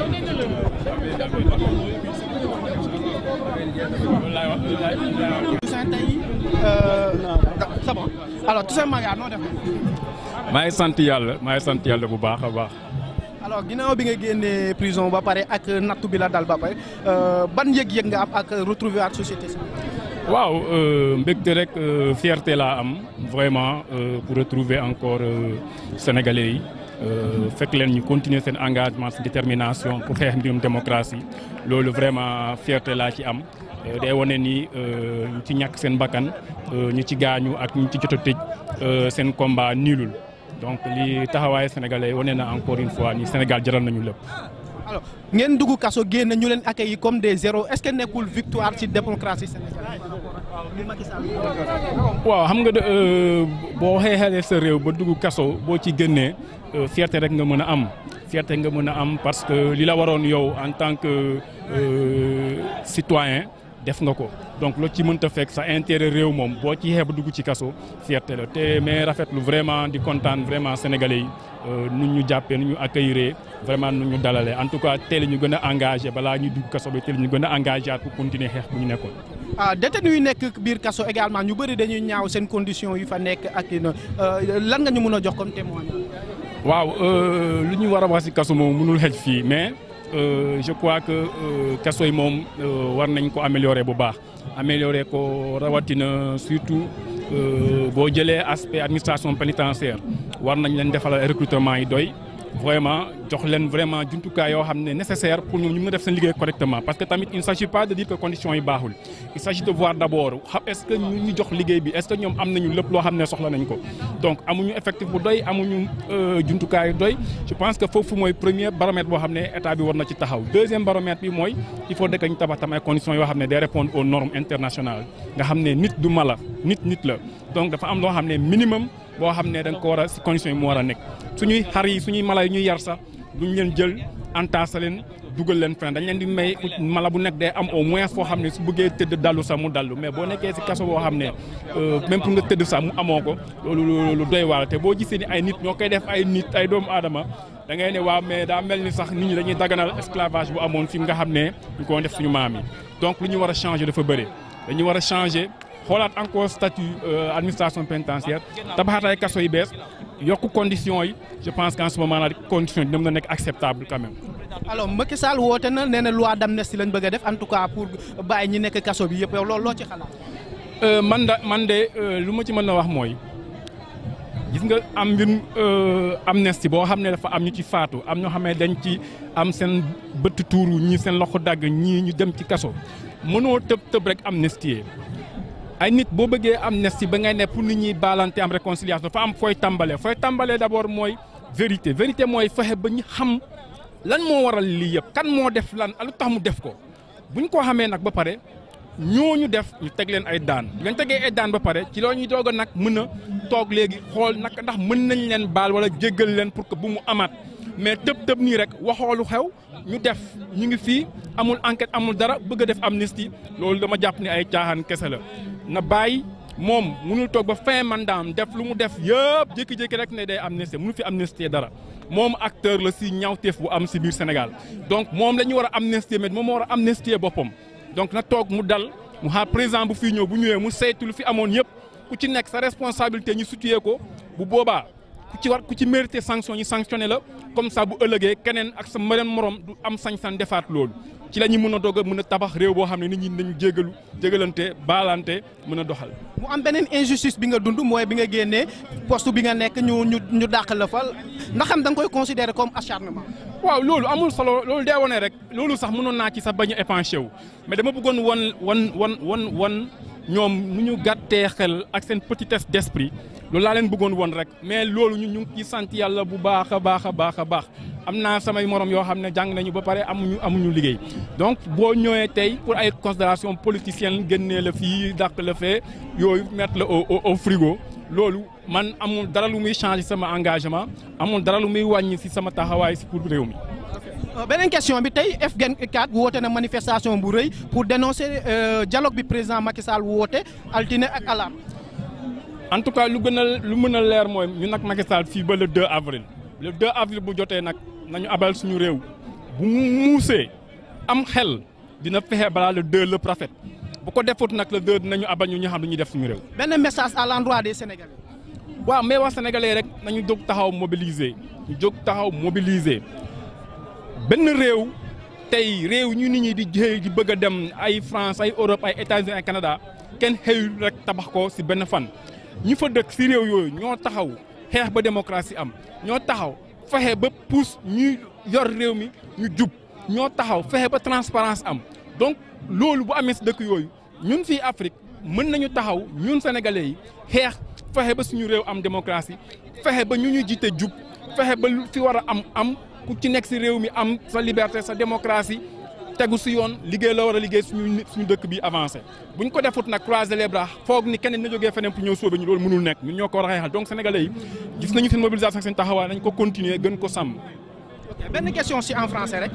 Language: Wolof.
alors tout simplement ngi sant yàlla maa ngi sant yàlla bu baax a baax. alors ginnaaw bi nga génnee prison ba pare ak nattu bi la dal ba pare euh, ban yëg-yëg nga am ak retrouver ak société civile. waaw euh, mbégte rek euh, fierté laa am vraiment euh, pour retrouver encore sénégalais yi fekk leen ñu continuer seen engagement seen détermination pour xeex mbirum démocratie loolu vraiment fierté laa ci am day wane ni ñu ci ñàkk seen bakkan ñu ci gaañu ak ñu ci jot a tëj seen combat niilul donc li taxawaay sénégalais wane na encore une fois ni Sénégal jaral nañu lépp. ngeen dugg kaso génn ñu leen yi comme des héros est-ce que nekkul victoire ci démocratie sénégalaise waaw xam nga euh, boo xeexalee sa réew ba dugg kaso boo ci génnee euh, fierté rek nga mën a am fierté nga mën a am parce que li la waroon yow en tant que euh, citoyen def nga ko donc loo ci mënta fekk sa intérêt réew moom boo ci xeeb dugg ci kaso fierté la te mais rafetlu vraiment di kontaan vraiment sénégalais yi euh, nu ñu jàppee nu ñu accueillir vraiment nu ñu dalale en tout cas teel ñu gën a engagé balaa ñuy dugg kaso bi teel ñu gën a engagé pour continuer xeex bu ñu nekkoon. ah détenu yi nekk biir kaso également ñu bëri dañuy ñaaw seen condition yi fa nekk ak euh, lan nga ñu mën a jox comme témoin. waaw euh, lu ñu war a wax si kaso moom mënul xej fii mais. Euh, je crois que euh, kaso yi moom euh, war nañ ko améliorer bu baax améliorer ko rawatina surtout boo jëlee aspect administration pénitentiaire war nañ leen defal recrutement yi doy. vraiment jox leen vraiment jumtukaay yoo xam ne nécessaire pour ñoom ñu mën a def seen liggéey correctement parce que tamit il ne pas de dire que conditions yi baaxul il s'agit de voir d'abord est-ce que ñu jox liggéey bi est-ce que ñoom am nañu lépp loo xam ne soxla nañ ko donc amuñu effectif bu doy amuñu euh, jumtukaay doy je pense que foofu mooy premier baromètre boo xam ne état bi war na ci taxaw deuxième baromètre bi mooy il faut que ñu tabax tam ay conditions boo xam ne da ko war a si condition yi mu war a nekk suñuy xar yi suñuy mala yi ñuy yar sax duñ leen jël entassé leen dugal leen fenn dañ leen di may mala bu nekk day am au moins foo xam ne su bëggee tëdd dallu sax mu dallu boo nekkee si kaso boo xam ne euh, même pour nga tëdd sax mu amoo ko loolu lu doy waar te boo gisee ni ay nit ñoo koy def ay nit ay doomu aadama da ngay ne waaw mais daa mel ni sax nit ñi dañuy daganal esclavage bu amoon fi nga xam ne ñu ko def suñu maam yi donc lu ñu war a changer dafa bëri dañu a changer xoolaat encore statut euh, administration pénitentiaire tabaxaat kaso yi bees yokk condition yi je pense qu'en ce moment là condition yi a nekk acceptable quand même. alors Macky Sall woote na nee na loi d'amnistie lañ a def en tout cas pour bàyyi ñi nekk kaso bi yëpp yow loolu loo euh, man da man de euh, lu ma ci mën a wax mooy gis nga am mbirum amnistie boo xam ne dafa am ñu ci faatu am ñoo xam ne dañ ci am seen bëtt tuuru ñii seen loxo dagg ñii ñu dem ci kaso mënoo tëb tëb rek amnistie ay nit boo bëggee am nes amnistie ba ngay ne pour nit ñi baalante am réconciliation dafa am fooy tàmbalee fooy tàmbalee d'abord mooy vérité vérité mooy fexe ba ñu xam lan moo waral lii yëpp kan moo def lan lu tax mu def ko buñ koo xamee nag ba pare ñu def ñu teg leen ay daan bu leen tegee ay daan ba pare ci loo ñuy doog a nag mën a toog léegi xool nag ndax mën nañ leen baal wala jéggal leen pour que bu mu amaat. mais tëb tëb nii rek waxoolu xew ñu def ñu ngi fii amul enquête amul dara bëgg a def amnistie loolu dama jàpp ni ay caaxaan kese la na bàyyi moom mënul toog ba fin mandaam def lu mu def yëpp jékki-jékki rek ne day amnistie mënu fi amnistie dara moom acteur la si ñaawteef bu am si biir Sénégal donc moom la ñu war a amnistie mais moom moo war a amnistie boppam donc na toog mu dal mu xaar président bu fii ñëw bu ñëwee mu seytu lu fi amoon yëpp ku ci nekk sa responsabilité ñu situé ko bu boobaa ku ci war ku ci mérité sanction yi sanctionné la comme ça bu ëllëgee keneen ak sa meneen morom du am sañ defaat loolu ci la ñu mën a doog a mën a tabax réew boo xam ne nit ñi nañu jégalu jégalante baalante mën a doxal. mu am beneen injustice bi nga dund mooy bi nga génnee post bi nga nekk ñu ñu ñu dàq la fal ndax xam da koy considérer comme a acharnement. waaw loolu amul solo loolu dee wonee rek loolu sax mënoon naa ci sa bañ a épanché wu mais dama bëggoon wan wan wan wan wan. ñoom nu ñu gàttee xel ak seen petitesse d'esprit loolu laa leen bëggoon woon rek mais loolu ñun ñu ngi sant yàlla bu baax a baax a baax a baax am naa samay morom yoo xam ne jàng nañu ba pare amuñu amuñu liggéey donc boo ñëwee tey pour ay considération politicienne génnee la fii dàq la fee yooyu mettre la au au frigo loolu man amul dara lu muy changer sama engagement amul dara lu muy wàññi si sama taxawaay si pour réew mi. Euh, beneen question bi tey F24 woote na manifestation bu rëy pour dénoncer euh, dialogue bi président Macky Sall woote altine ak alarme. en tout lu gën a lu mën a leer mooy ñu nag Macky Sall fii ba le 2 avril le 2 avril bu jotee nag nañu abal suñu réew bu muusee am xel dina fexe balaa le 2 le prophète bu ko defut nag le 2 dinañu abal ñu ñu xam lu ñuy def suñu réew. benn message à l'endroit des Sénégalais. waaw mais wax sénégalais rek nañu jog taxaw mobiliser ñu jóg taxaw mobiliser. benn réew tey réew ñu nit ñi di xëy di bëgg a dem ay France ay Europe ay États-Unis ay Canada kenn xëyul rek tabax ko si benn fan ñu fa dëkk si réew yooyu ñoo taxaw xeex ba démocratie am ñoo taxaw fexe ba pousse ñuy yor réew mi ñu jub ñoo taxaw fexe ba transparence am donc loolu bu amee si dëkk yooyu ñun fii Afrique mën nañu taxaw ñun sénégalais yi xeex fexe ba suñu réew am démocratie fexe ba ñu ñu jiite jub fexe ba lu fi war a am am ku ci nekk si réew mi am sa liberté sa démocratie tegu si yoon liggéey la war a liggéey suñu suñu dëkk bi avancé buñ ko defut nag croiser les bras foog ni kenn na jógee feneen pour ñëw sóobe ñu loolu mënul nekk ñun ñoo ko war a xeexal donc sénégalais yi gis nañu seen mobilisation seen taxawaay nañ ko continuer gën ko sàmm benn question si rek